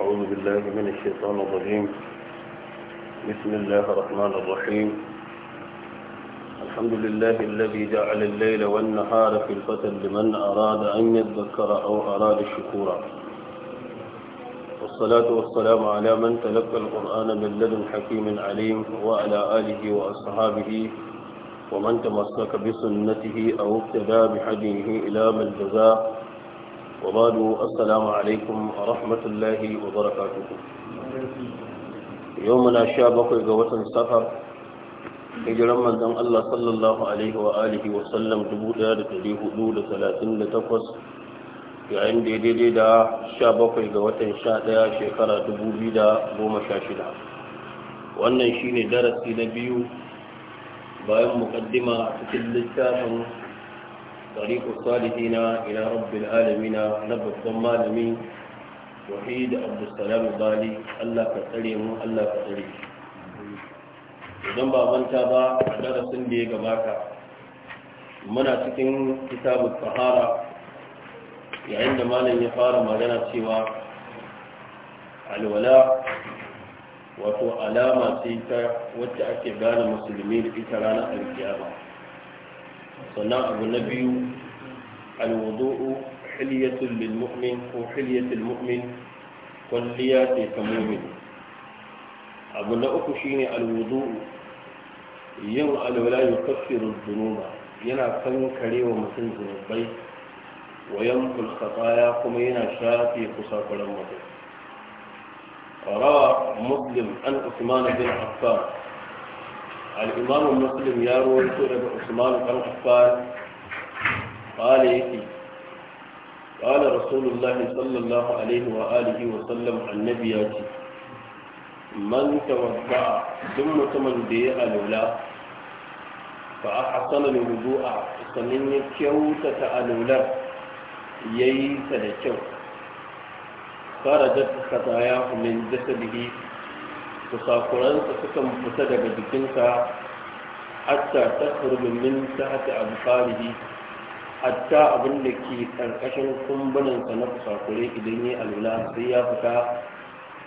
أعوذ بالله من الشيطان الرجيم بسم الله الرحمن الرحيم الحمد لله الذي جعل الليل والنهار في الفتن لمن أراد أن يذكر أو أراد الشكورا والصلاة والسلام على من تلقى القرآن من لدن حكيم عليم وعلى آله وأصحابه ومن تمسك بسنته أو اقتدى بحديه إلى من جزاه وبعد السلام عليكم ورحمة الله وبركاته يومنا شابك قوة سفر hijiran manzon Allah sallallahu alaihi wa alihi wa sallam 1438 yayin da daidai da 17 ga watan 11 shekara shida. wannan shine darasi na biyu bayan a cikin littafin طريق الصالحين إلى رب العالمين نبى الضمالمين وحيد عبد السلام بالي الله كتريم الله كتريم idan ba manta ba a darasin da ya gabata muna cikin kitabun sahara yayin da malam ya fara magana cewa alwala wato alama ce ta wacce ake gane musulmi da ita ranar alkiyama sannan abu na biyu alwudu'u hilyatul lil mu'min ko hilyatul mu'min kwalliya ce ta mu'min abu na uku shine alwudu'u yin alwala yukaffiru dhunuba yana kankare wa mutum zunubai wa yankul khataya kuma yana shafe kusakuran mutum rawa muslim an usman bin affan الإمام المسلم يروي سورة عثمان بن عفان قال يكي قال رسول الله صلى الله عليه وآله وسلم عن نبيات من توضع ثم تمن بي ألولا فأحسن الوضوء سنن كيوتة ألولا ييس لكيوت خرجت خطاياه من جسده kusakuransa sukan fita daga jikinsa hatta ta min ta hata abukarihi hatta abin da ke ƙarƙashin kumbuninsa na kusakure idan ya alula sai ya fita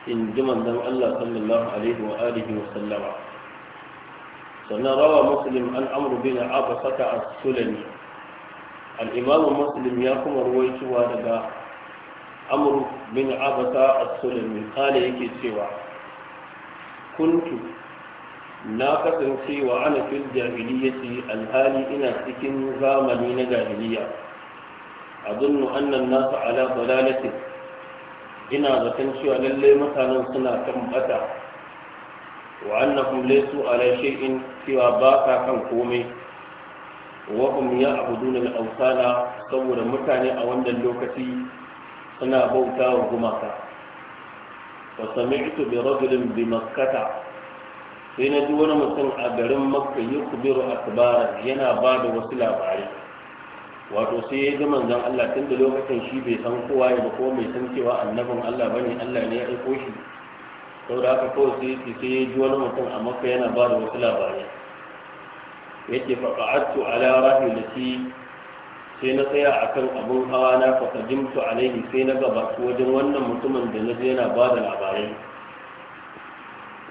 in ji manzon Allah sallallahu alaihi wa alihi wa sallama sannan rawa muslim an amru bin abasata as-sulami al-imam muslim ya kuma ruwaitowa daga amru bin abasa a sulani, kale yake cewa kuntu na kasance wa ana fil jahiliyyati alhali ina cikin zamani na jahiliya adunnu annan nasu ala dalalatin ina zaton cewa lallai mutanen suna kan bata wa annahum laysu ala shay'in cewa ba ka kan komai wa ya ya'buduna al-awsana saboda mutane a wannan lokaci suna bauta wa gumaka فسمعت برجل بمكة sai na ji wani mutum a garin makka yi a akbara yana ba da wasu labarai wato sai ya ji zan Allah tun da lokacin shi bai san kowa ya ba ko mai san cewa annabin Allah ba ne Allah ne ya aiko shi da haka kawai sai yake sai ya ji wani mutum a makka yana ba da wasu labarai yake faqa'atu ala rahilati sai na tsaya a kan abin hawa na fakajimtu alaihi sai na gabatu wajen wannan mutumin da na yana ba da labarai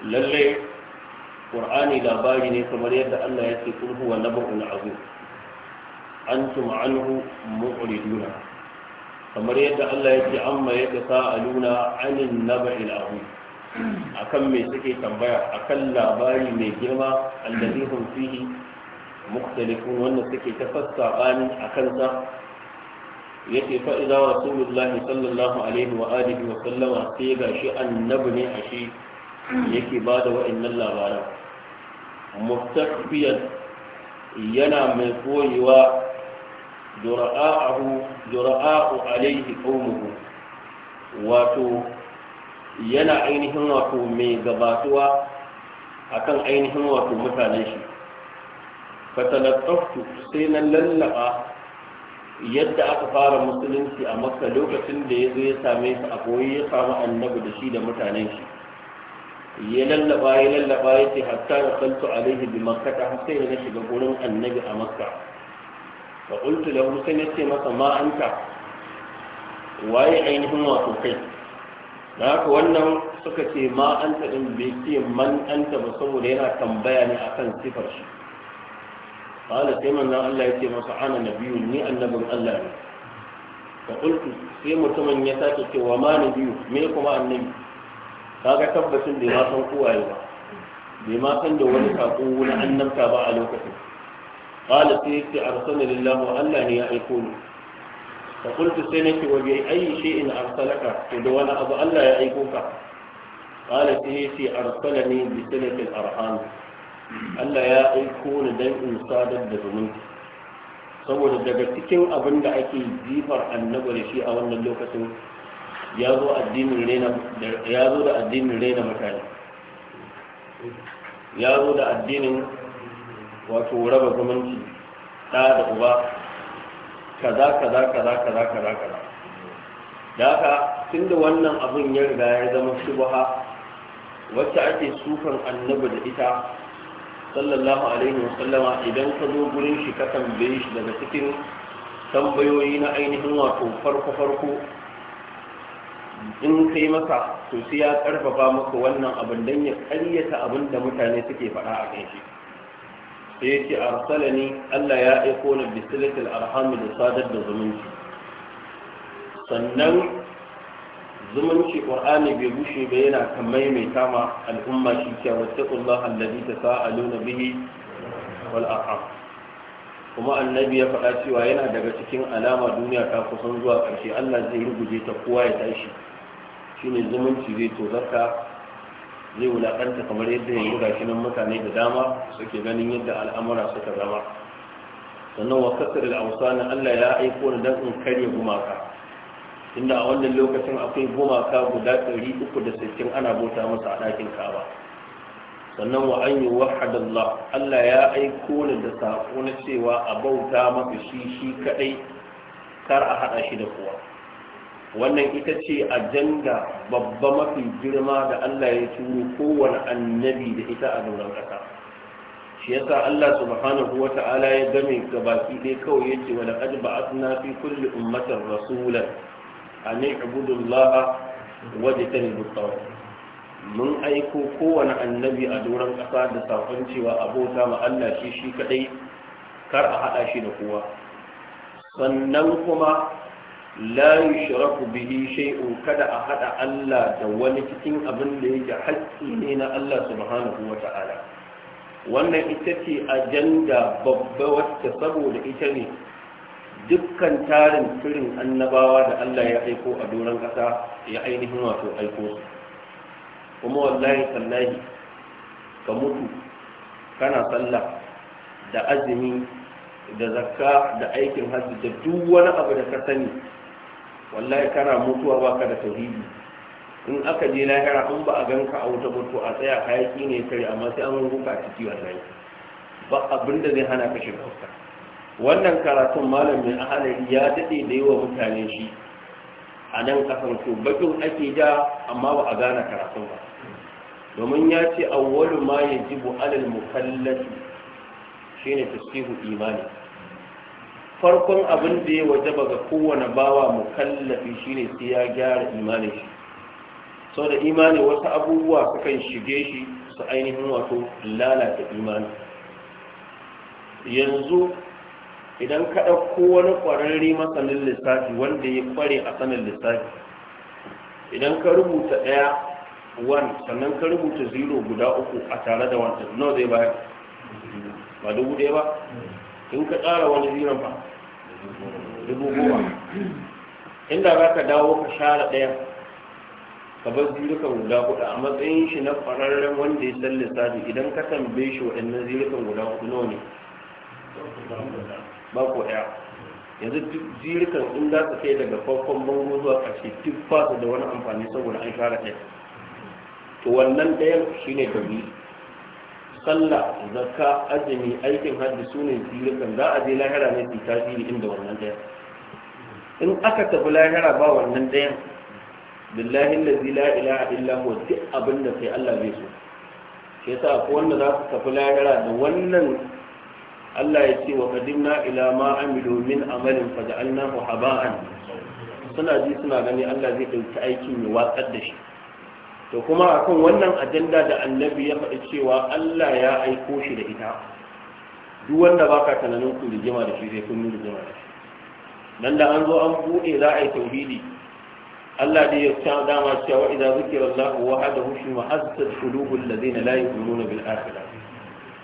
lallai ƙur'ani labari ne kamar yadda allah ya ce kun huwa na bakun azu an tuma anhu mu'riduna kamar yadda allah ya ce an ma a sa'aluna anin abu. A kan me suke tambaya akan labari mai girma allazi hum fihi muktalifun wanda suke ta fassaɓani a kansa ya ce fa'iza rasulullahi sallallahu alaihi wa wa sallama sai ga shi annabi ne a shi yake ba da wa'annan labaran mustaqbiyan yana mai koyewa dura'a'u alaihi qaumuhu wato yana ainihin wato mai gabatuwa akan ainihin wato shi fatalattaftu sai na lallaba yadda aka fara musulunci a makka lokacin da ya zo ya same su a koyi ya samu annabi da shi da mutanen shi ya lallaba ya lallaba ya ce hatta na saltu alaihi bi makka ta sai na shiga gurin annabi a makka fa sai na ce masa ma anta waye ainihin wato kai da haka wannan suka ce ma anta bai ce man ba saboda yana tambaya ne akan sifar shi قال سيما أن الله يتي مسعانا نبي ني النبي الله فقلت سيما تمن يتاكي وما نبي منكما النبي kaga tabbacin da ya san kowaye ba bai ma san da wani sako na annabta ba a lokacin qala sai yake arsala lillahi Allah ne ya aiko ni fa qultu sai nake wa bi ayi shay'in arsalaka to da wani abu Allah ya aiko ka qala sai yake arsalani bi sanatil arham Allah ya aiko ni dan in sadar da zumunci saboda daga cikin abin da ake jifar annabi da shi a wannan lokacin ya zo da addinin raina mutane ya zo da addinin wato raba zumunci ɗa da uba kaza kaza kaza kaza kaza kaza da haka da wannan abin ya riga ya zama shubha wacce ake sufan annabi da ita sallallahu alaihi wasallama idan ka zo gurin shi ka tambaye shi daga cikin tambayoyi na ainihin wato farko farko in kai maka to sai ya karfafa maka wannan abin dan ya karyata abin da mutane suke faɗa a kan shi sai yace arsalani Allah ya aiko na bisilatil arham da sadar da zumunci sannan zumunci qur'ani bai bushe ba yana kan maimaita ma al'umma shi cewa wattaqullaha allazi tasaaluna bihi wal arham kuma annabi ya faɗa cewa yana daga cikin alama duniya ta kusan zuwa ƙarshe Allah zai ruguje ta kowa ya tashi shine zumunci zai tozarta zai wulaƙanta kamar yadda yanzu yi nan mutane da dama suke ganin yadda al'amura suka zama sannan wa kasar al'ausana Allah ya aiko ni dan in karya gumaka inda a wannan lokacin akwai gumaka guda 360 ana bauta masa a ɗakin kaba sannan wa an yi Allah ya aiko ni da saƙo na cewa a bauta maka shi shi kaɗai kar a haɗa shi da kowa wannan ita ce ajanda babba mafi girma da Allah ya turo kowane annabi da ita a doron ƙasa shi yasa Allah subhanahu wa ta'ala ya game gabaki ɗaya kawai yace wa a suna fi kulli ummatar rasulan an ibudullah wajtan bitawaf mun aiko kowane annabi a doron ƙasa da saƙon cewa abota ma Allah shi shi kaɗai kar a haɗa shi da kowa sannan kuma layu sharafu bihi shay'un kada a haɗa Allah da wani cikin abin da yake haƙƙi ne na Allah subhanahu wata'ala wannan ita ce ajanda babba wacce saboda ita ne dukkan tarin firin annabawa da Allah ya aiko a doron ƙasa ya ainihin wato aiko su kuma wallahi tallahi ka mutu kana sallah da azumi da zakka da aikin hajji da duk wani abu da ka sani wallahi kana mutuwa baka da tauhidi in aka je lahira in ba a ganka a wuta ba a tsaya hayaki ne kare amma sai an a ciki wallahi ba abinda zai hana ka shiga wannan karatun malamin ahalari ya daɗe da yi wa mutane shi a nan kasan su bakin ake da amma ba a gane karatun ba domin ya ce awwalu ma ya yajibu alal mukallafi ne tasbihu imani farkon abin da ya ba ga kowane bawa mukallafi ne sai ya gyara imanin shi sau da imani wasu abubuwa sukan shige shi su ainihin wato lalata imani yanzu idan ka ɗauko wani ƙwararri masanin lissafi wanda ya ƙware a sanin lissafi idan ka rubuta ɗaya wan sannan ka rubuta zero guda uku a tare da wanta nawa zai bayar ba dubu ɗaya ba in ka ƙara wani ziron ba dubu goma inda za ka dawo ka share ɗaya ka bar zirikan guda hudu a matsayin shi na ƙwararren wanda ya san lissafi idan ka tambaye shi waɗannan zirikan guda hudu nawa ne ba ko ɗaya yanzu duk jirikan in za su kai daga farkon bango zuwa ƙarshe duk ba su da wani amfani saboda an share ɗaya to wannan ɗayan ne dabi sallah zakka azumi aikin hajji su ne jirikan za a je lahira ne su tasiri inda wannan ɗayan in aka tafi lahira ba wannan ɗayan billahi lazi la ilaha illa huwa duk abin da sai Allah zai so shi yasa ko wanda za su tafi lahira da wannan Allah ya ce wa qadimna ila ma amilu min amalin faj'alnahu haba'an suna ji suna gani Allah zai dauki aikin ya watsar da shi to kuma akan wannan ajanda da annabi ya faɗi cewa Allah ya aiko shi da ita duk wanda baka tunanin ku rigima da shi sai kun nuna rigima da shi dan da an zo an buɗe za a yi tauhidi Allah dai ya ta dama cewa idza zikira Allah wahdahu shi mahazzat qulubul ladina la yu'minuna bil akhirah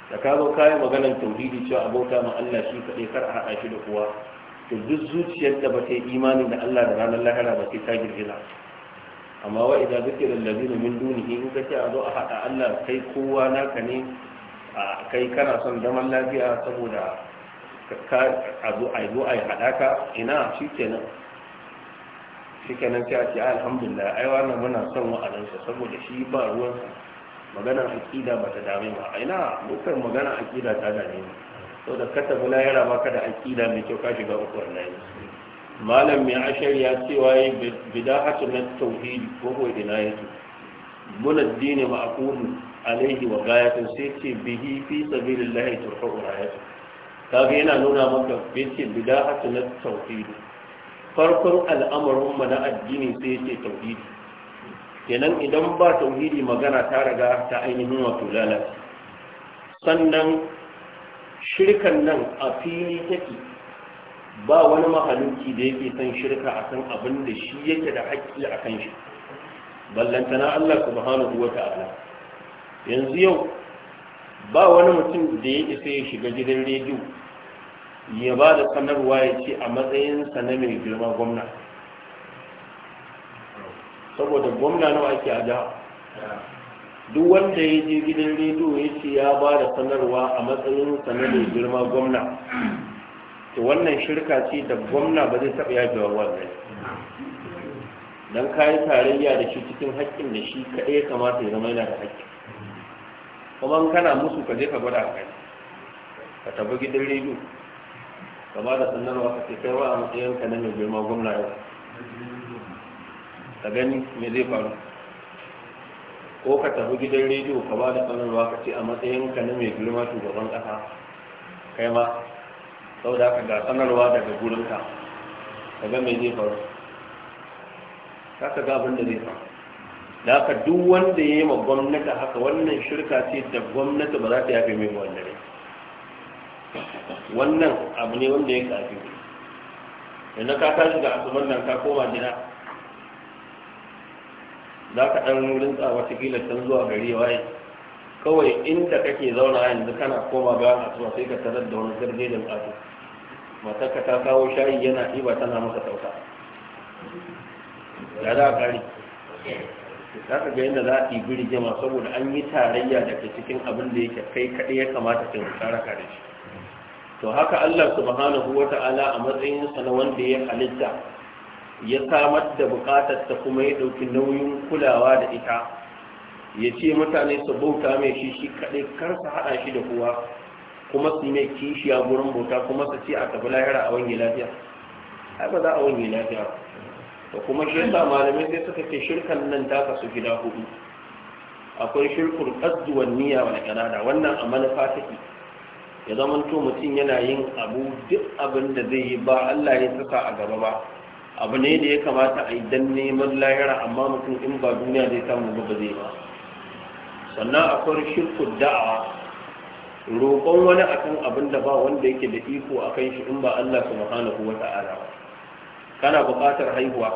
da ka zo kayan maganar tauhidi cewa abota ma Allah shi kaɗai kar a haɗa shi da kowa to duk zuciyar da ba ta yi imani da Allah da ranar lahira ba sai ta girgiza amma wa idan zuke da lalazina min dunihi in ka ce a zo a haɗa Allah kai kowa naka ne a kai kana son zaman lafiya saboda ka a zo a yi zo a yi haɗaka ina shi kenan shi kenan sai a ce alhamdulillah ai wannan muna son wa'adansa saboda shi ba ruwansa maganar aƙida ba ta dame ba aina dukkan maganar aƙida ta dame ni to da ka tafi lahira maka da aƙida mai kyau ka shiga uku wallahi malam mai ashar ya ce waye bida'atu na tauhidi ko ko dinayatu mun addini ma'qul alaihi wa gayatu sai ce bihi fi sabilillahi turfa'u Ta ga yana nuna maka bice bida'atu na tauhidi farkon al'amarin mana na addini sai ce tauhidi kenan idan ba tauhidi magana ta raga ta ainihin wato lalata, sannan shirkan nan a fili take ba wani mahaluki da yake san shirka akan abin da shi yake da haƙƙi kan shi ballantana Allah subhanahu wa ta'ala yanzu yau ba wani mutum da yake sai ya shiga gidan rediyo ya ba da sanarwa ya ce a matsayinsa na mai girma gwamnati saboda gwamna nawa ake a jiha duk wanda ya je gidan rediyo ya ce ya ba da sanarwa a matsayin sanar da girma gwamna to wannan shirka ce da gwamna ba zai taɓa wa wannan don kayi tarayya da shi cikin haƙƙin da shi kaɗai kamata ya zama yana da haƙƙi kuma kana musu ka je ka gwada a kai ka tafi gidan rediyo ka ba da sanarwa ka ce kai wa a matsayin ka girma gwamna yau ka gani me zai faru ko ka tafi gidan rediyo ka ba da sanarwa ka ce a matsayinka na mai girma shugaban ƙasa kai ma saboda haka ga sanarwa daga gurinka ka ga me zai faru ka ka ga da zai faru da ka duk wanda ya yi ma gwamnati haka wannan shirka ce da gwamnati ba za ta yafe mai ne. wannan abu ne wanda ya kafi yanzu ka tashi da asuman nan ka koma gida za ka ɗan wurin tsawa kila can zuwa gari waye kawai inda kake zauna yanzu kana koma ga zuwa sai ka tarar da wani sirri da mata matarka ta kawo shayi yana ɗiba tana masa sauka da za a kari za ka ga yadda za a birge ma saboda an yi tarayya da ke cikin abin da yake kai kaɗai ya kamata ka tsara ka shi to haka Allah subhanahu wa ta'ala a matsayinsa na wanda ya halitta ya samar da bukatar ta kuma ya ɗauki nauyin kulawa da ita ya ce mutane su bauta mai shi shi kaɗai kar su haɗa shi da kowa kuma su mai kishi a gurin bauta kuma su ce a tafi lahira a wani lafiya ai ba za a wani lafiya da kuma shi yasa malamai sai suka ce shirkan nan ta kasu gida hudu akwai shirkul qasdu niyya wal irada wannan a manufa take ya zama to mutum yana yin abu duk abin da zai yi ba Allah ya saka a gaba ba abu ne da ya kamata a yi dan neman lahira amma mutum in ba duniya zai samu ba zai ba sannan akwai shirku da'a roƙon wani akan abin da ba wanda yake da iko a kan shi in ba Allah mahana kuwa ta'ala ba kana buƙatar haihuwa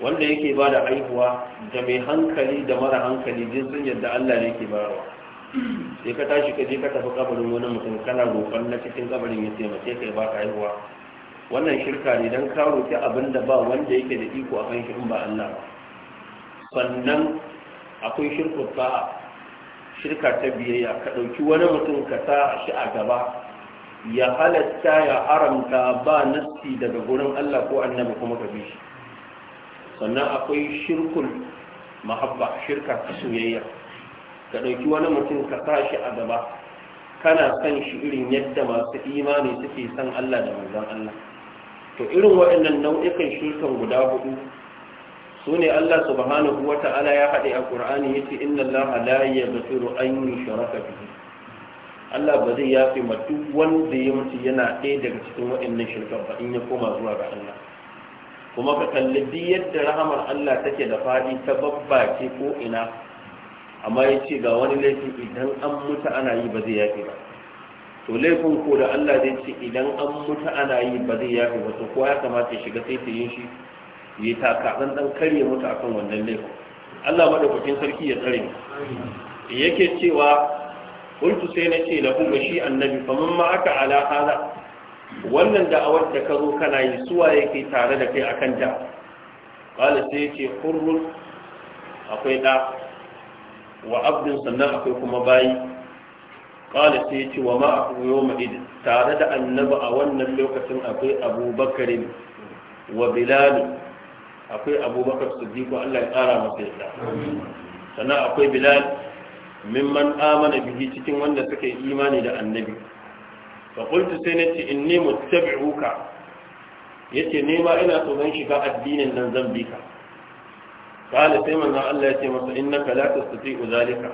wanda yake ba da haihuwa da mai hankali da mara hankali jinsin yadda Allah ne yake bayarwa sai ka tashi ka je ka tafi kabarin wani mutum kana roƙon na cikin kabarin ya taimake ka ya baka haihuwa wannan shirka ne don ka roƙi abin da ba wanda yake da iko a kan shi in ba Allah sannan akwai shirku shirka ta biyayya ka ɗauki wani mutum ka sa shi a gaba ya halatta ya haramta ba nasti daga gurin Allah ko annabi kuma ka bi shi sannan akwai shirkul mahabba shirka ta soyayya ka ɗauki wani mutum ka sa shi a gaba kana san shi irin yadda masu imani suke san Allah da manzon Allah to irin waɗannan nau'ikan shirkan guda hudu su ne Allah subhanahu wa ta'ala ya haɗe a ƙur'ani ya ce inna Allah la yaghfiru an yushraka bihi Allah ba zai yafe ma duk wanda ya mutu yana ɗaya daga cikin waɗannan shirkan ba in ya koma zuwa ga Allah kuma ka kalli duk yadda rahamar Allah take da faɗi ta babbace ko ina amma ya ce ga wani laifi idan an mutu ana yi ba zai yafe ba to laifin ko da Allah zai ce idan an mutu ana yi ba zai yafe ba to kowa ya kamata ya shiga sai ta yin shi ya taka dan dan karye mutu akan wannan laifin Allah madaukakin sarki ya tsare yake cewa kuntu sai na ce lahu shi annabi mun ma aka ala hala wannan da awar da ka zo kana yi suwa yake tare da kai akan ta qala sai yace hurrun akwai da wa abdun sannan akwai kuma bayi qala sai ce wa ma'ahu yawma id tare da annaba, a wannan lokacin akwai abubakar wa bilal akwai abubakar siddiq Allah ya tsara masa yadda sannan akwai bilal mimman amana bihi cikin wanda suka yi imani da annabi sai na qultu in nemo inni muttabi'uka yace ne ma ina so zan shiga addinin nan zan bi ka qala sai manzo Allah ya ce masa innaka la tastati'u zalika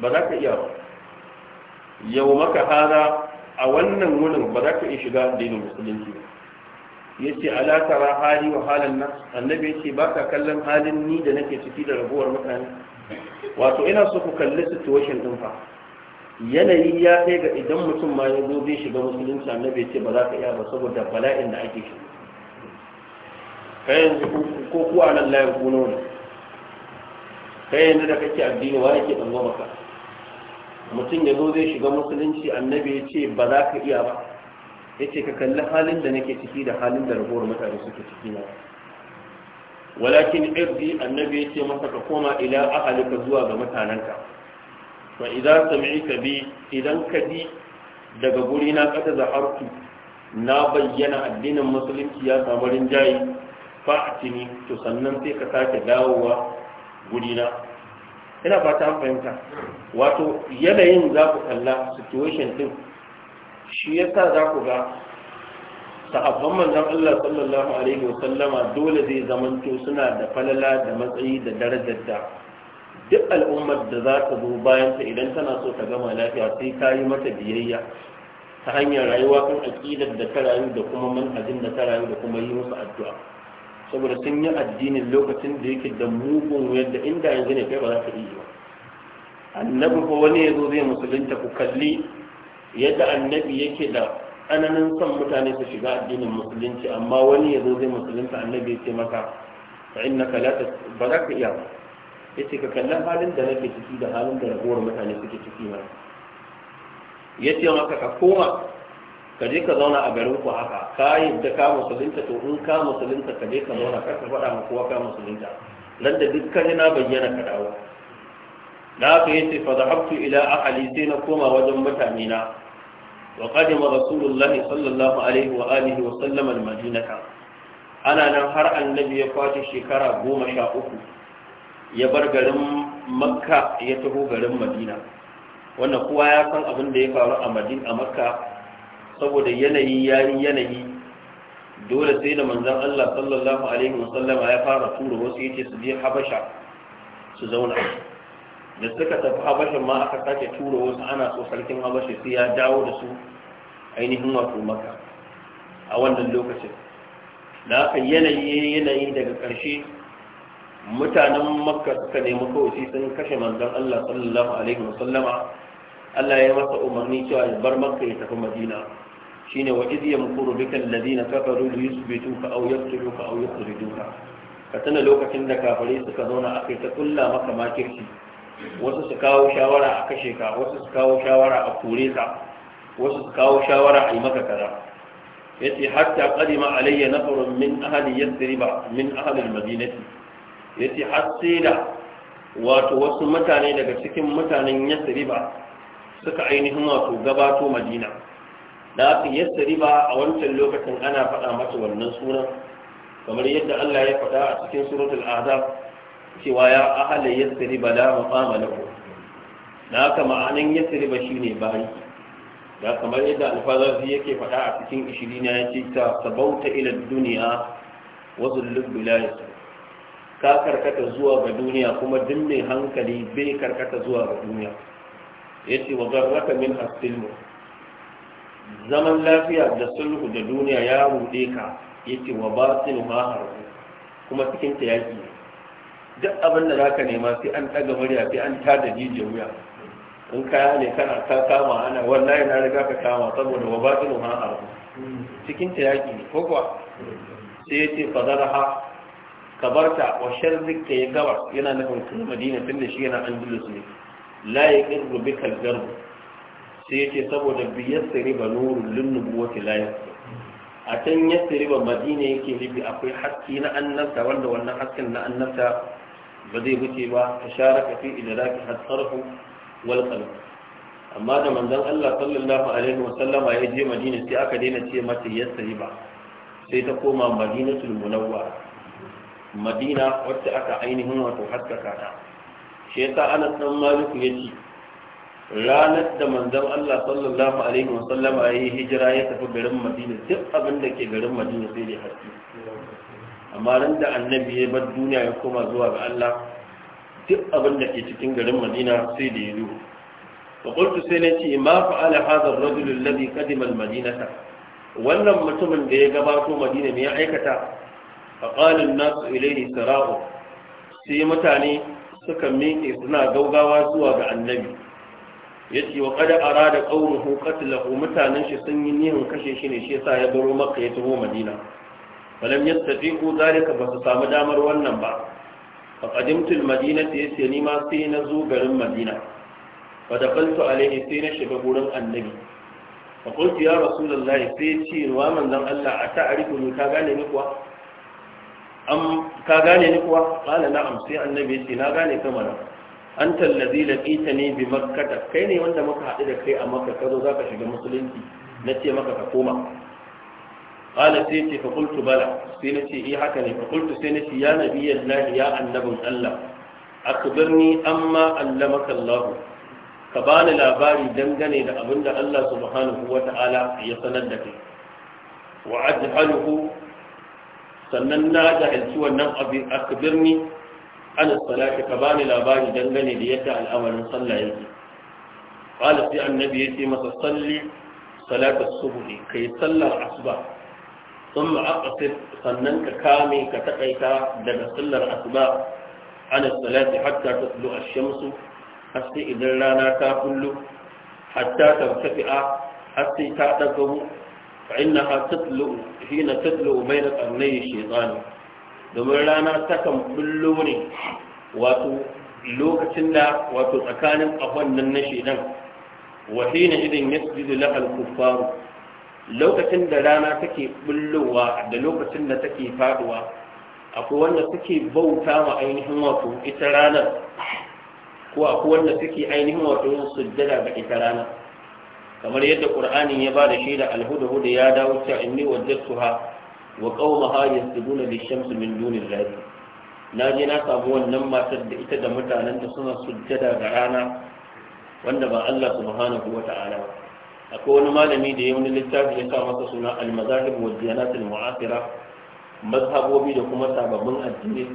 ba za ka iya ba yau maka hada a wannan wunin ba za ka iya shiga addinin musulunci ba ya ce ala tara hali wa halin nan annabi ya ce ba ka kallon halin ni da nake ciki da rabuwar mutane wato ina so ku kalli situation din fa yanayi ya kai ga idan mutum ma ya zo zai shiga musulunci annabi ya ce ba za ka iya ba saboda bala'in da ake shi kai yanzu ko kuwa nan layin kuno ne kai yanzu da kake addini wa yake dan maka mutum ya zo zai shiga musulunci annabi ya ce ba za ka iya ba ya ce ka kalli halin da nake ciki da halin da ragowar mutane suke ciki na walakin irdi annabi ya ce masa ka koma ila ahalika zuwa ga mutanenka fa idan ka bi idan ka bi daga guri na kada zahartu na bayyana addinin musulunci ya samu rinjaye fa'atini to sannan sai ka sake dawowa gurina ina fata an fahimta wato yanayin za ku kalla situation din shi yasa za ku ga sahabban manzon Allah sallallahu alaihi wa sallama dole zai zamanto suna da falala da matsayi da darajar da duk al'ummar da za ta zo bayan ta idan tana so ta gama lafiya sai ta yi mata biyayya ta hanyar rayuwa kan aƙidar da ta rayu da kuma manhajin da ta rayu da kuma yi musu addu'a saboda sun yi addinin lokacin da yake da mugun yadda inda yanzu ne kai ba za ka iya ba annabi ko wani ya zo zai musulunta ku kalli yadda annabi yake da tsananin son mutane su shiga addinin musulunci amma wani ya zo zai musulunta annabi ya ce maka fa innaka la ba za ka iya ba ce ka kalli halin da nake ciki da halin da ragowar mutane suke ciki ma ce maka ka koma ka je ka zauna a garin ku haka ka yi da ka musulunta to in ka musulunta ka je ka zauna kar ka faɗa ma kowa ka musulunta nan da dukkan na bayyana ka dawo na ka yace fa zahabtu ila ahli sai na koma wajen mutane na wa qadima rasulullahi sallallahu alaihi wa alihi wa sallam al ana nan har annabi ya kwace shekara goma sha uku ya bar garin makka ya taho garin madina wannan kowa ya san abin da ya faru a madina a makka saboda yanayi yi yanayi dole sai da manzan Allah sallallahu alaihi wasallama ya fara tura wasu yace su je Habasha su zauna da suka tafi Habasha ma aka sake tura wasu ana so sarkin habashi sai ya dawo da su ainihin wato maka a wannan lokacin da haka yanayi yanayi daga ƙarshe mutanen makka suka nemi kawai sun kashe manzan Allah sallallahu alaihi wasallama Allah ya masa umarni cewa ya bar makka ya tafi madina shine wa idh yamkuru bika alladhina kafaru li yuthbituka aw yaqtuluka aw yukhrijuka ka tana lokacin da kafirai suka zauna akai ta kulla maka makirci wasu su kawo shawara a kashe ka wasu su kawo shawara a kore ka wasu su kawo shawara a yi maka kaza yace hatta qadima alayya nafarun min ahli yathriba min ahli almadinati yace har sai da wato wasu mutane daga cikin mutanen yathriba suka ainihin wato gabato madina da aka yassari ba a wancan lokacin ana faɗa mata wannan sunan kamar yadda Allah ya faɗa a cikin suratul azab cewa ya ahala yassari ba da maqama lahu da aka ma'anin yassari ba shine bayi da kamar yadda alfazazi yake faɗa a cikin ishirin ya ce ta sabauta ila duniya wasu lubbilayis ka karkata zuwa ga duniya kuma duk mai hankali bai karkata zuwa ga duniya ya ce wa garraka min hasilmu zaman lafiya da sulhu da duniya ya rude ka yake wa ba batil ma harbu kuma cikin ta yaki duk abin da zaka nema sai an daga murya sai an tada jijin wuya in kaya ne kana ka kama ana wallahi na riga ka kama saboda wa ba batil ma harbu cikin ta yaki ne ko kuwa sai yace fadarha kabarta wa sharrik ka ya gabar yana nufin kuma madina tunda shi yana andalus ne la yaqirru bika al-garb sai yake saboda biyar siriba nurun linnubuwati la yasri a can ba madina yake ribi akwai haski na annarta wanda wannan hasken na annarta ba zai wuce ba ta share kafi ki hasarhu wal qalb amma da manzon Allah sallallahu alaihi Wasallama sallama ya je madina sai aka daina ce mata ba, sai ta koma madinatul munawwara madina wacce aka ainihin wato haskaka ta shi ya yasa Anas dan Malik yace ranar da manzon Allah sallallahu alaihi wa sallama yayi hijira ya tafi garin Madina duk abin da ke garin Madina sai dai haske amma ran da annabi ya bar duniya ya koma zuwa ga Allah duk abin da ke cikin garin Madina sai da ya duhu fa qultu sai nace ma fa'ala hadha ar-rajul alladhi qadima al-madinata wannan mutumin da ya gabato Madina ne ya aikata fa qala an-nasu ilayhi sara'u sai mutane suka miƙe suna gaugawa zuwa ga annabi Ya ce wa qad arada qawmuhu qatlahu mutanen shi sun yi nihin kashe shi ne shi sa ya baro maka ya taho madina falam yastatiqu zalika su samu damar wannan ba A fa qadimtu almadinata yace ni ma sai na zo garin madina fa dakaltu alaihi sai na shiga gurin annabi fa qultu ya rasulullahi sai ce wa manzon Allah a ta'rifu ni ka gane ni kuwa am ka gane ni kuwa qala na'am sai annabi yace na gane kamar an tallazi laƙita ne bi makkata kai ne wanda muka haɗu da kai a makka ka za ka shiga musulunci na ce maka ka koma ƙala sai ce fakultu bala sai na ce eh, haka ne kultu. sai na ya nabi yallahi ya annabin allah akbirni amma allamaka allah ka bani labari dangane da abin da allah subhanahu wa ta'ala ya sanar da kai wa ajhaluhu sannan na jahilci wannan abin akbirni an salati ka bani labari dangane da yadda al'amarin sallah yake qala sai annabi yace masa salli salata subhi kai sallar asuba thumma aqsir sannan ka kame ka takaita daga sallar asuba an salati hatta tatlu ash-shamsu sai idan rana ta kullu hatta tartafi'a sai ta dago fa innaha tatlu hina tatlu bayna qarnay ash-shaytan domin rana takan bullo ne wato lokacin da wato tsakanin ƙahon nan na wahi na idin ya sujudu lahal kuffaru lokacin da rana take bullowa da lokacin da take faduwa akwai wanda suke bauta ma ainihin wato ita ranar ko akwai wanda suke ainihin wato yin sujjada ga ita ranar kamar yadda ƙur'ani ya ba da shaida alhuda huda ya dawo cewa inni wajjatuha wa qaumaha yasjuduna lish-shamsi min duni na je na samu wannan matar da ita da mutanen da suna sujjada ga rana wanda ba Allah subhanahu wa ta'ala akwai wani malami da ya wani littafi ya sa masa suna al-mazahib wa diyanat al-mu'asira mazhabobi da kuma sababbin addini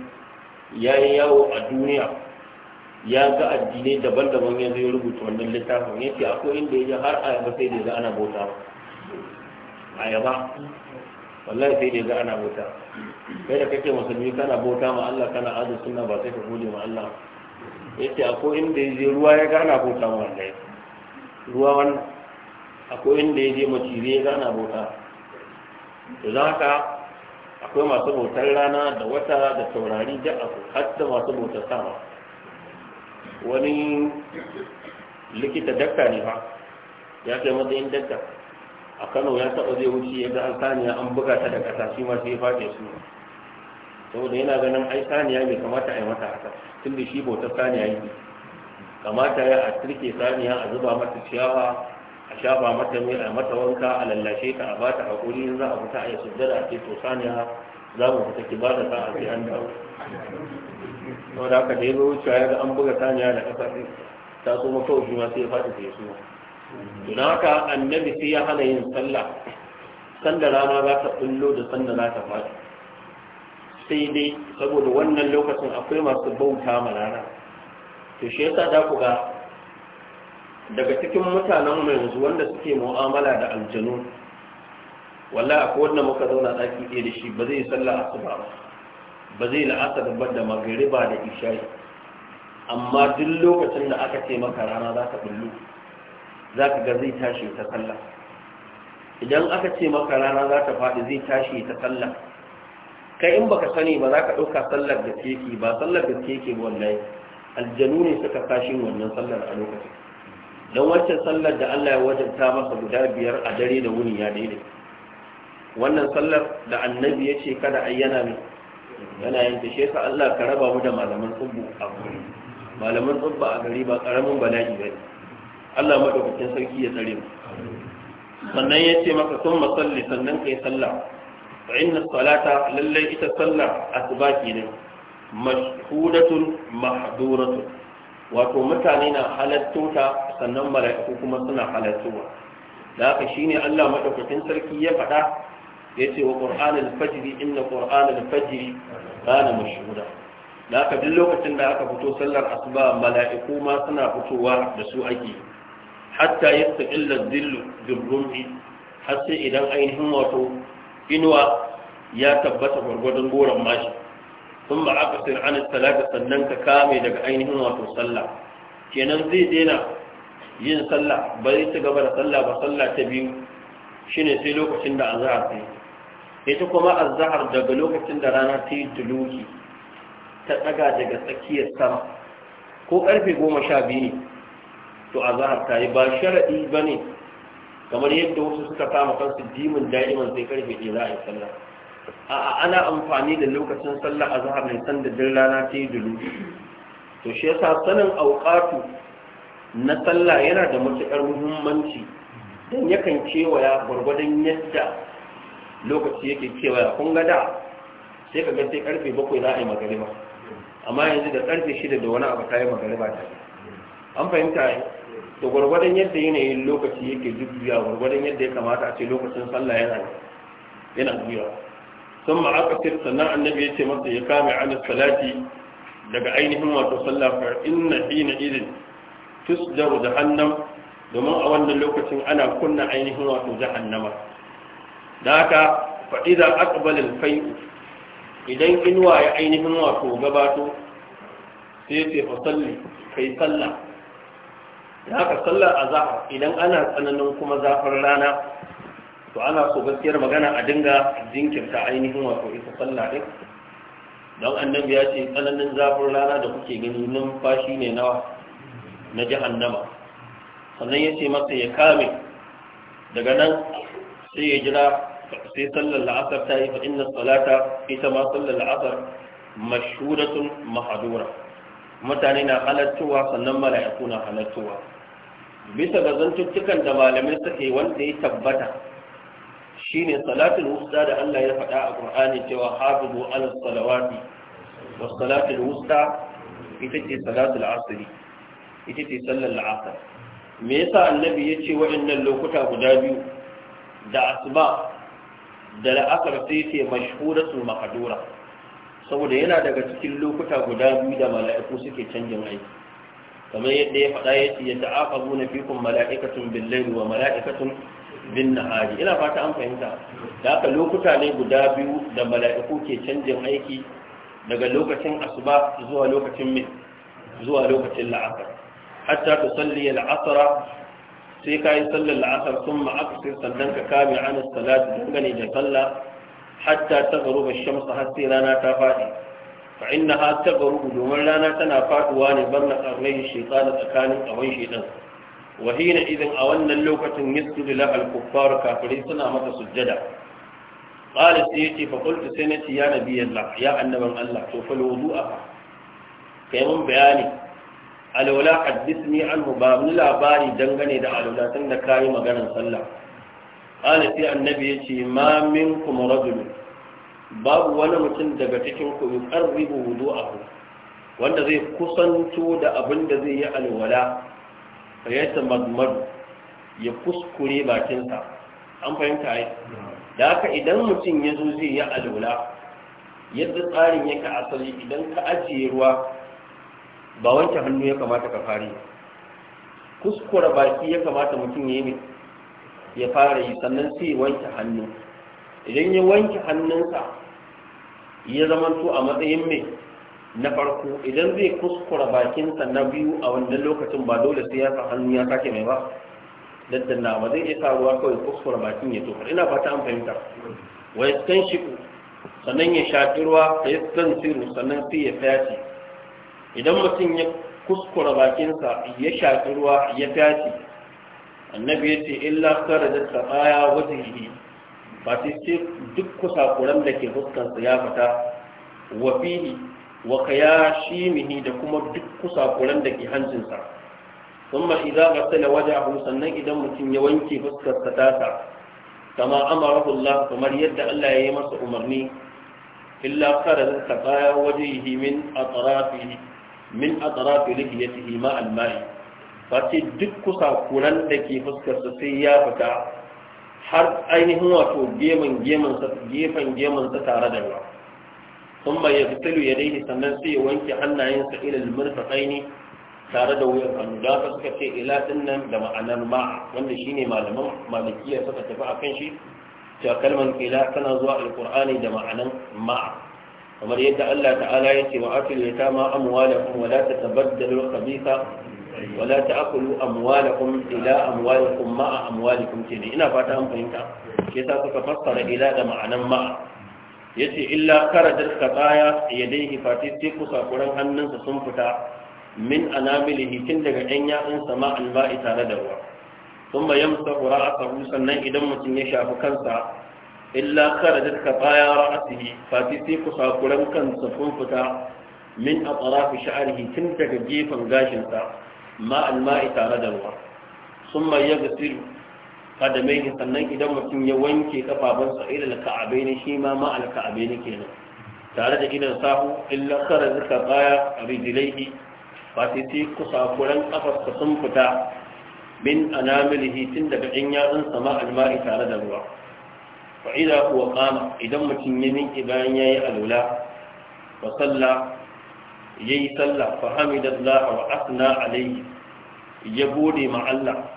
ya yi yawo a duniya ya ga addinai daban-daban ya zai rubuta wannan littafin ya ce akwai inda ya har ayaba sai da ana bauta ayaba wallahi sai dai ga ana bauta kai da kake musulmi kana bauta ma Allah kana azu sunna ba sai ka gode ma Allah yace akwai inda yaje ruwa ya ga ana bauta ma Allah ruwa wan akwai inda yaje macire ya ga ana bauta to za ka akwai masu bautar rana da wata da taurari da abu har da masu bautar sama wani likita dakta ne fa ya kai matsayin dakta a kano ya taɓa zai wuce yadda an saniya an buga ta da ƙasa shi ma yi ya su saboda yana ganin ai saniya bai kamata a yi mata haka tun da shi bautar saniya yi kamata ya a turke saniya a zuba mata ciyawa a shafa mata mai a mata wanka a lallashe ta a ba ta haƙuri in za a fita a yi sujjada a ce to saniya za mu fita ki ba da sa'a sai an dawo saboda haka da ya zo wucewa ya ga an buga saniya da ƙasa ta so ma kawai shi ma sai ya faɗi ya na haka annabi sai ya hana yin sallah sanda rana za ta bullo da sanda za ta faɗi sai dai saboda wannan lokacin akwai masu bauta ma rana to shi yasa da ku ga daga cikin mutanen mu yanzu wanda suke mu'amala da aljanu wallahi akwai wanda muka zauna daki ɗaya da shi ba zai sallah asuba ba ba zai la'asar ba da magariba da isha'i amma duk lokacin da aka ce maka rana za ta bullo za ka ga zai tashi ta sallah idan aka ce maka rana za ta faɗi zai tashi ta sallah kai in baka sani ba za ka ɗauka sallar da ke ba sallar da ke ba wallahi aljanu ne suka tashi wannan sallar a lokacin don wancan sallar da Allah ya wajabta masa guda biyar a dare da wuni ya daidai wannan sallar da annabi ya ce kada ayyana ne yana yin shi yasa Allah ka raba mu da malaman tsubbu a gari malaman tsubba a gari ba karamin bala'i bane Allah madaukakin sarki ya tsare mu sannan ya ce maka sun masalli sannan ka yi sallah fa inna salata lallai ita sallah asuba ne. Mashudatun mahduratun wato mutane na halatto ta sannan mala'iku kuma suna halattuwa. da haka ne Allah madaukakin sarki ya faɗa ya ce wa qur'an al-fajr inna qur'an al-fajr kana mashhuda da haka duk lokacin da aka fito sallar asuba mala'iku ma suna fitowa da su ake yi hatta yastaqilla dhillu birrumhi har sai idan ainihin wato inuwa ya tabbata gwargwadon goron mashi sun ba aka sir an talata sannan ka kame daga ainihin wato sallah kenan zai daina yin sallah ba zai ci gaba da sallah ba sallah ta biyu shine sai lokacin da azhar ta ita kuma azahar daga lokacin da rana ta yi duluki ta ɗaga daga tsakiyar sama ko karfe goma sha biyu ne to zahar ta yi ba ba ne kamar yadda wasu suka kama kansu dimin da'iman sai karfe ɗaya za a sallah a'a ana amfani da lokacin sallah a Zahar san da jin rana ta yi dulu to shi yasa sanin aukatu na sallah yana da matuƙar muhimmanci don yakan kewaya gwargwadon yadda lokaci yake kewaya kun ga da sai ka ga sai karfe bakwai za a yi magariba amma yanzu da karfe shida da wani abu ta yi magariba ta yi an fahimta yi to gwargwadon yadda yanayin lokaci yake jujjuya gwargwadon yadda ya kamata a ce lokacin sallah yana yana juya sun ma aka ce sannan annabi ya ce masa ya kame anis salati daga ainihin wato sallah fa inna hina idin tusjaru jahannam domin a wannan lokacin ana kunna ainihin wato jahannama da haka fa idza aqbala al-fay idan inuwa ya ainihin wato gabato sai ce fa salli kai sallah da haka sallar azahar idan ana tsananin kuma zafin rana to ana so gaskiyar magana a dinga jinkirta ainihin wato ita sallah din don annabi ya ce tsananin zafin rana da kuke gani numfashi ne nawa na jahannama sannan ya ce masa ya kame daga nan sai ya jira sai sallar la'asar ta yi fa'in salata ita ma sallar la'asar mashuratun mahadura mutane na halattuwa sannan mala'iku na halattuwa bisa ga zantuttukan da malamai suke wanda ya tabbata shine salatun wusta da Allah ya faɗa a ƙur'ani cewa hafizu ala salawati wa salatul wusta ita ce ita ce sallar la'asar me yasa annabi ya ce waɗannan lokuta guda biyu da asuba da la'asar sai ce mashhuratul maqdura saboda yana daga cikin lokuta guda biyu da mala'iku suke canjin aiki kamar yadda ya faɗa ya ce ya ta'aqabu na fikum mala'ikatun billai layli wa mala'ikatun bin ina fata an fahimta da aka lokuta ne guda biyu da mala'iku ke canjin aiki daga lokacin asuba zuwa lokacin min zuwa lokacin la'asar hatta tusalli al-asra sai yi sallar la'asar sun aqsir sannan ka kame an as dangane da sallah hatta tagruba ash shamsa har sai rana ta faɗi. fa innaha taghrubu domin rana tana faduwa ne barna qarnai shaytan tsakanin awan shaytan wa hina idan a wannan lokacin yasjudu lahal kuffar kafirai suna mata sujjada qala sai yace fa qultu sai nace ya nabiyallah ya annaban Allah to fa wudu'a kai mun bayani alwala haddithni anhu ba mun labari dangane da alwala tun da kai maganar sallah qala sai annabi yace ma minkum rajulun babu wani mutum daga cikin ku a ku wanda zai kusanto da abin da zai yi alwala fa yatamadmad ya kuskure bakinsa an fahimta ai da haka idan mutum ya zo zai yi alwala yadda tsarin yake asali idan ka ajiye ruwa ba wanke hannu ya kamata ka fari Kuskure baki ya kamata mutum ya yi ya fara yi sannan sai wanke hannu idan ya wanke hannunsa ya zamanto a matsayin mai na farko idan zai kuskura bakinsa na biyu a wannan lokacin ba dole sai ya sa hannu ya sake mai ba Daddana ba zai iya sa ruwa kawai kuskura bakin ya tofar ina fata an fahimta wa kan shi sannan ya shafi ruwa ka kan siru sannan sai ya fyaci idan mutum ya kuskura bakinsa ya shafi ruwa ya fyaci annabi ya ce illa kare da tsaya wajen ba sai sai duk da ke fuskansa ya fita wa fihi wa kayashimihi da kuma duk kuran da ke hancinsa thumma idza ghassala wajhahu sannan idan mutum ya wanke fuskarsa tasa kama amarahu Allah kamar yadda Allah ya yi masa umarni illa kharajat qataya yi min atrafihi min atrafi lihiyatihi ma al-ma'i fa duk kuran da ke fuskarsa sai ya fita har ainihin wato geman gemansa gefen gemansa tare da ruwa sun mai yabtalu ya daidai sannan sai ya wanke hannayensa ilal murfaƙaini tare da wuyan hannu da haka suka ce ila nan da ma'anar ma wanda shine malaman malikiya suka tafi akan shi cewa kalmar ila tana zuwa alqur'ani da ma'anar ma kamar yadda Allah ta'ala ya ce wa atil yatama amwalakum wa la tatabaddalu al-khabitha wala ta'kulu amwalakum ila amwalikum ma'a amwalikum kenan ina fata an fahimta ke sa suka fassara ila da ma'anan ma'a yace illa kharajat qataya yadayhi fati sai kuran hannunsa sun fita min anamilihi tun daga ɗan yatsun sama alba'i tare da ruwa ثم يمسح رأسه sannan idan mutum ya shafi kansa illa kharajat ka baya ra'atihi fati sai ku sakuran kansa sun fita min atrafi sha'rihi tun daga gefen gashin sa ma'an ma'i tare da ruwa sun mai yaga sannan idan mutum ya wanke kafafunsa ilal ka'abe ne shi ma ma'al kenan tare da idan sahu illa kara zika baya rijilaihi ba sai sai kusakuran kafarsa sun fita min anamilihi tun daga ɗan yatsunsa ma'al ma'i tare da ruwa fa'ida kuwa kama idan mutum ya ninki bayan ya yi alula wa sallah Ya yi sallah fa hamidallahi wa asna alayhi ya gode ma Allah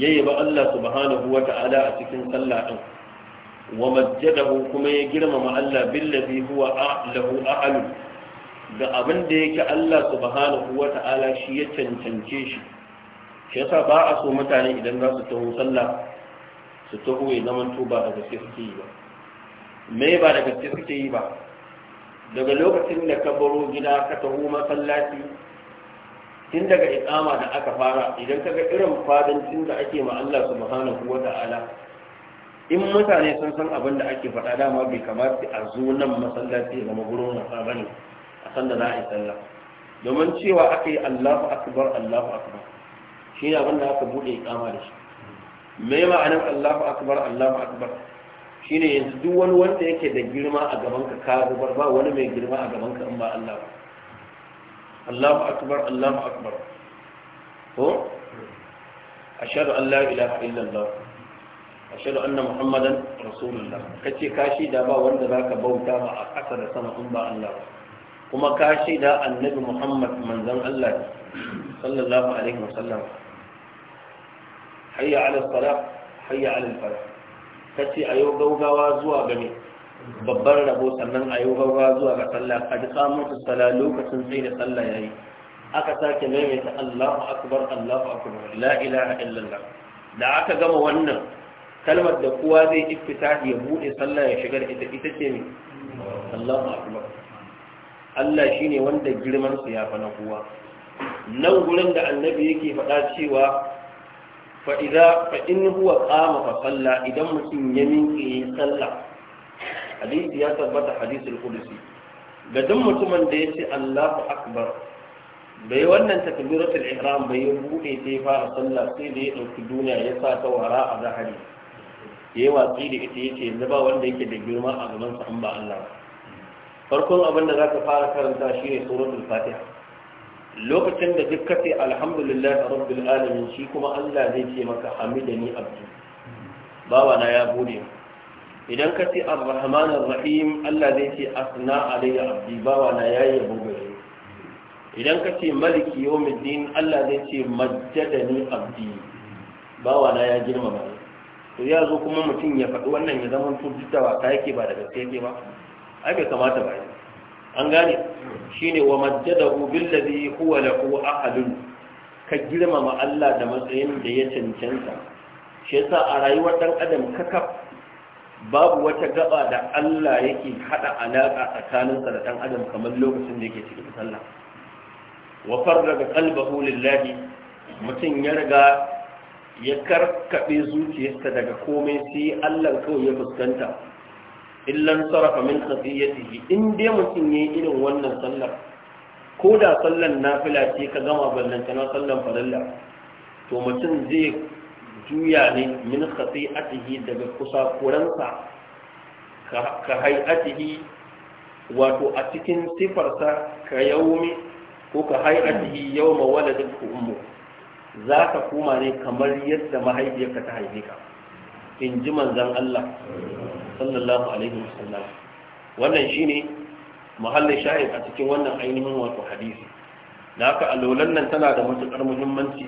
Ya yi ba Allah subhanahu wa ta'ala a cikin sallah din wa majjadahu kuma ya girmama Allah billazi huwa a'lahu a'lu da abin da yake Allah subhanahu wa ta'ala shi ya cancance shi shi yasa ba a so mutane idan za su taho sallah su taho ya zaman to ba da gaske suke yi ba me ba da gaske suke yi ba daga lokacin da ka baro gida ka taho masallaci tun daga iƙama da aka fara idan ka ga irin tun da ake ma Allah subhanahu wata'ala in mutane sun san abin da ake faɗa dama bai kamata a zo nan masallaci ya zama na wasa a san da za a yi sallah domin cewa aka yi Allahu akbar Allahu akbar shi ne abin da aka bude iqama da shi me ma'anar Allahu akbar Allahu akbar shine yanzu duk wani wanda yake da girma a gaban ka ka zubar ba wani mai girma a gaban ka in ba Allah ba Allahu akbar Allahu akbar ko ashhadu an la ilaha illallah ashhadu anna muhammadan rasulullah kace ka da ba wanda zaka bauta ba a ƙasa da sama in ba Allah kuma ka da annabi muhammad manzon Allah sallallahu alaihi wasallam hayya ala salat hayya ala al falah ka ce a yau gaugawa zuwa gani, babban rabo sannan a yau gaugawa zuwa ga sallah a ji samun su lokacin sai da sallah ya yi aka sake maimaita allahu akbar allahu akbar la illallah da aka gama wannan kalmar da kowa zai fita ya buɗe sallah ya shigar ita ita ce mai allahu akbar Allah shine wanda girman ya fa kowa nan gurin da annabi yake faɗa cewa fa idza fa huwa idan mutum ya minke ya salla hadisi ya tabbata hadisul kudusi ga duk mutumin da yace Allahu akbar bai wannan takbiratul ihram bai ta sai fara sallah sai da ya ɗauki duniya ya sa ta wara a zahari yayi watsi da ita yace yanzu ba wanda yake da girma a gabansa sa an ba Allah farkon abin da zaka fara karanta shine suratul fatiha lokacin da duk kace alhamdulillah rabbil alamin shi kuma Allah zai ce maka hamidani abdu bawa na ya gode idan ka kace arrahman arrahim Allah zai ce asna alayya abdi bawa na ya yabo gare idan ka ce maliki yawmiddin Allah zai ce ni abdi bawa na ya girmama to ya zo kuma mutum ya faɗi wannan ya zama tuttawa ta yake ba da gaske yake ba ai bai kamata ba an gane shine wa majjadahu billazi huwa lahu ahadun ka girmama Allah da matsayin da ya cancanta shi yasa a rayuwar dan adam kaka babu wata gaba da Allah yake hada alaka tsakaninsa da dan adam kamar lokacin da yake cikin sallah wa farraga qalbahu lillahi mutum ya riga ya karkabe zuciyarsa daga komai sai Allah kawai ya fuskanta illan sarafa min khafiyatihi in dai mutum yayi irin wannan sallar ko da sallar nafila ce ka gama ballanta na sallar falalla to mutum zai juya ne min khafiyatihi daga kusa kuransa ka hayatihi wato a cikin sifarsa ka yaumi ko ka hayatihi yawma waladat ummu za ka koma ne kamar yadda mahaifiyarka ta haife ka in ji manzon Allah sallallahu alaihi wasallam wannan shine muhallin shahid a cikin wannan ainihin wato hadisi da haka alolan nan tana da matukar muhimmanci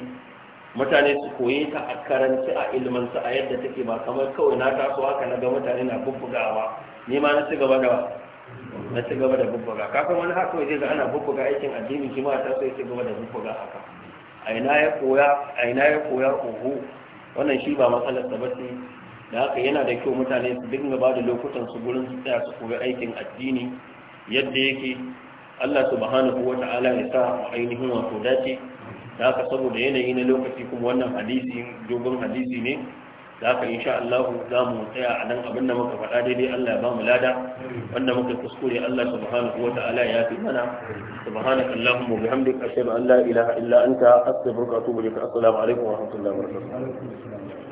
mutane su koye ta a karanci a a yadda take ba kamar kawai na taso haka na ga mutane na bubbugawa ne ma na ci gaba da na ci gaba da bubbuga kafin wani haka waje ga ana bubbuga aikin addini shi ma ta so ya ci gaba da bubbuga haka a ina ya koya a ina ya koya oho wannan shi ba matsalar ta sai. da haka yana da kyau mutane su dinga ba da lokutan su gurin su tsaya su koyi aikin addini yadda yake Allah subhanahu wa ta'ala ya sa a ainihin wato dace da haka saboda yanayi na lokaci kuma wannan hadisi dogon hadisi ne da haka insha Allah za mu tsaya a nan abin da muka faɗa daidai Allah ya ba mu lada wanda muka kuskure Allah subhanahu wa ta'ala ya fi mana subhanaka allahumma bihamdika ashhadu an la ilaha illa anta astaghfiruka wa atubu ilaik assalamu alaikum wa rahmatullahi wa barakatuh